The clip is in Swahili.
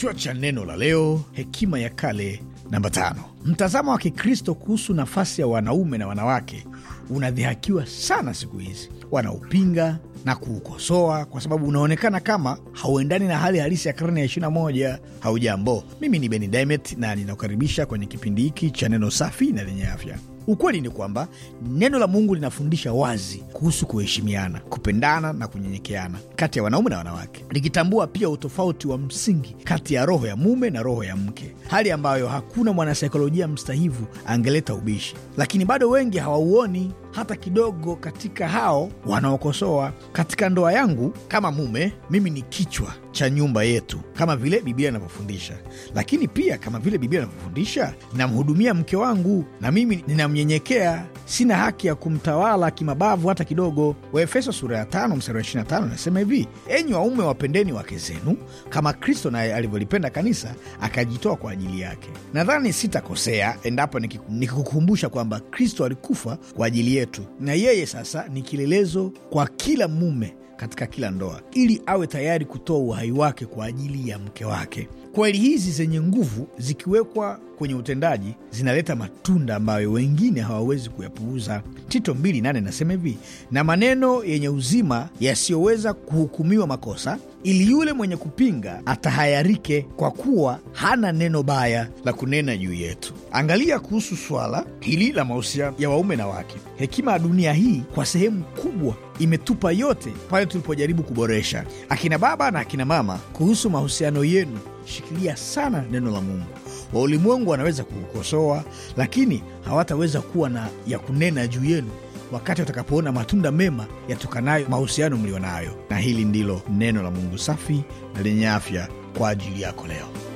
Kichwa cha neno la leo: hekima ya kale namba tano. Mtazamo wa Kikristo kuhusu nafasi ya wanaume na wanawake unadhihakiwa sana siku hizi. Wanaupinga na kuukosoa kwa sababu unaonekana kama hauendani na hali halisi ya karne ya 21. Haujambo, mimi ni Beni Dimet na ninakukaribisha kwenye kipindi hiki cha neno safi na lenye afya. Ukweli ni kwamba neno la Mungu linafundisha wazi kuhusu kuheshimiana, kupendana na kunyenyekeana kati ya wanaume na wanawake, likitambua pia utofauti wa msingi kati ya roho ya mume na roho ya mke, hali ambayo hakuna mwanasaikolojia mstahivu angeleta ubishi, lakini bado wengi hawauoni hata kidogo katika hao wanaokosoa. Katika ndoa yangu kama mume, mimi ni kichwa cha nyumba yetu kama vile Biblia inavyofundisha, lakini pia kama vile Biblia inavyofundisha, namhudumia mke wangu na mimi ninamnyenyekea sina haki ya kumtawala kimabavu hata kidogo. Waefeso sura ya tano mstari wa 25 nasema hivi, enyi waume wapendeni wake zenu kama Kristo naye alivyolipenda kanisa akajitoa kwa ajili yake. Nadhani sitakosea endapo nikikukumbusha kwamba Kristo alikufa kwa ajili yetu, na yeye sasa ni kielelezo kwa kila mume katika kila ndoa, ili awe tayari kutoa uhai wake kwa ajili ya mke wake. Kweli hizi zenye nguvu zikiwekwa kwenye utendaji zinaleta matunda ambayo wengine hawawezi kuyapuuza. Tito 2:8 nasema hivi, na maneno yenye uzima yasiyoweza kuhukumiwa makosa, ili yule mwenye kupinga atahayarike, kwa kuwa hana neno baya la kunena juu yetu. Angalia kuhusu swala hili la mahusiano ya waume na wake. Hekima ya dunia hii kwa sehemu kubwa imetupa yote pale tulipojaribu kuboresha. Akina baba na akina mama, kuhusu mahusiano yenu, shikilia sana neno la Mungu. Wa ulimwengu wanaweza kukosoa, lakini hawataweza kuwa na ya kunena juu yenu wakati watakapoona matunda mema yatokanayo mahusiano mlionayo. Na hili ndilo neno la Mungu safi na lenye afya kwa ajili yako leo.